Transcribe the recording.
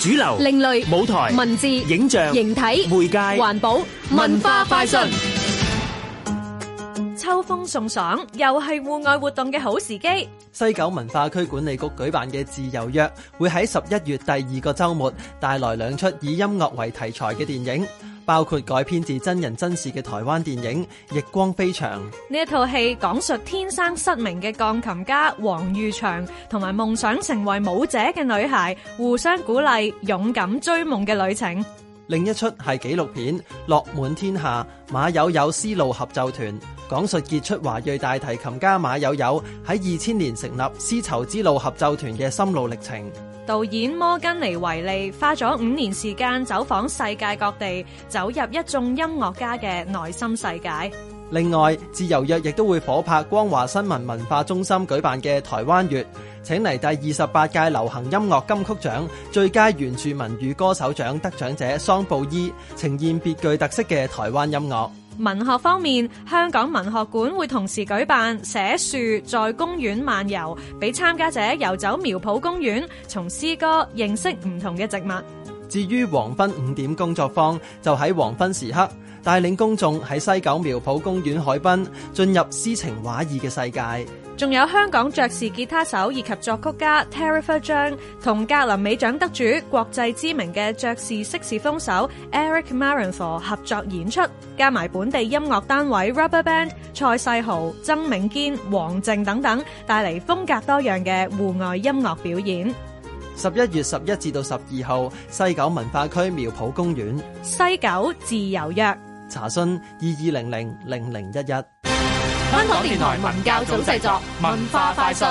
主流、另類舞台、文字、影像、形體、媒介、環保、文化快訊。秋風送爽，又係戶外活動嘅好時機。西九文化區管理局舉辦嘅自由約，會喺十一月第二個周末，帶來兩出以音樂為題材嘅電影。包括改編自真人真事嘅台灣電影《逆光飛翔》，呢一套戲講述天生失明嘅鋼琴家黃裕祥，同埋夢想成為舞者嘅女孩互相鼓勵，勇敢追夢嘅旅程。另一出係紀錄片《樂滿天下》，馬友友絲路合奏團講述傑出華裔大提琴家馬友友喺二千年成立絲綢之路合奏團嘅心路歷程。導演摩根尼維利花咗五年時間走訪世界各地，走入一眾音樂家嘅內心世界。另外，自由約亦都會火拍光華新聞文化中心舉辦嘅台灣月，請嚟第二十八屆流行音樂金曲獎最佳原住民語歌手獎得獎者桑布伊，呈現別具特色嘅台灣音樂。文學方面，香港文學館會同時舉辦《寫樹在公園漫遊》，俾參加者遊走苗圃公園，從詩歌認識唔同嘅植物。至於黃昏五點工作坊，就喺黃昏時刻帶領公眾喺西九苗圃公園海濱，進入詩情畫意嘅世界。仲有香港爵士吉他手以及作曲家 Teriver 張同格林美獎得主、國際知名嘅爵士色士風手 Eric Maranfor 合作演出，加埋本地音樂單位 Rubber Band、蔡世豪、曾銘堅、王靜等等，帶嚟風格多樣嘅戶外音樂表演。十一月十一至到十二號，西九文化區苗圃公園，西九自由約，查詢二二零零零零一一。香港電台文教組製作，文化快訊。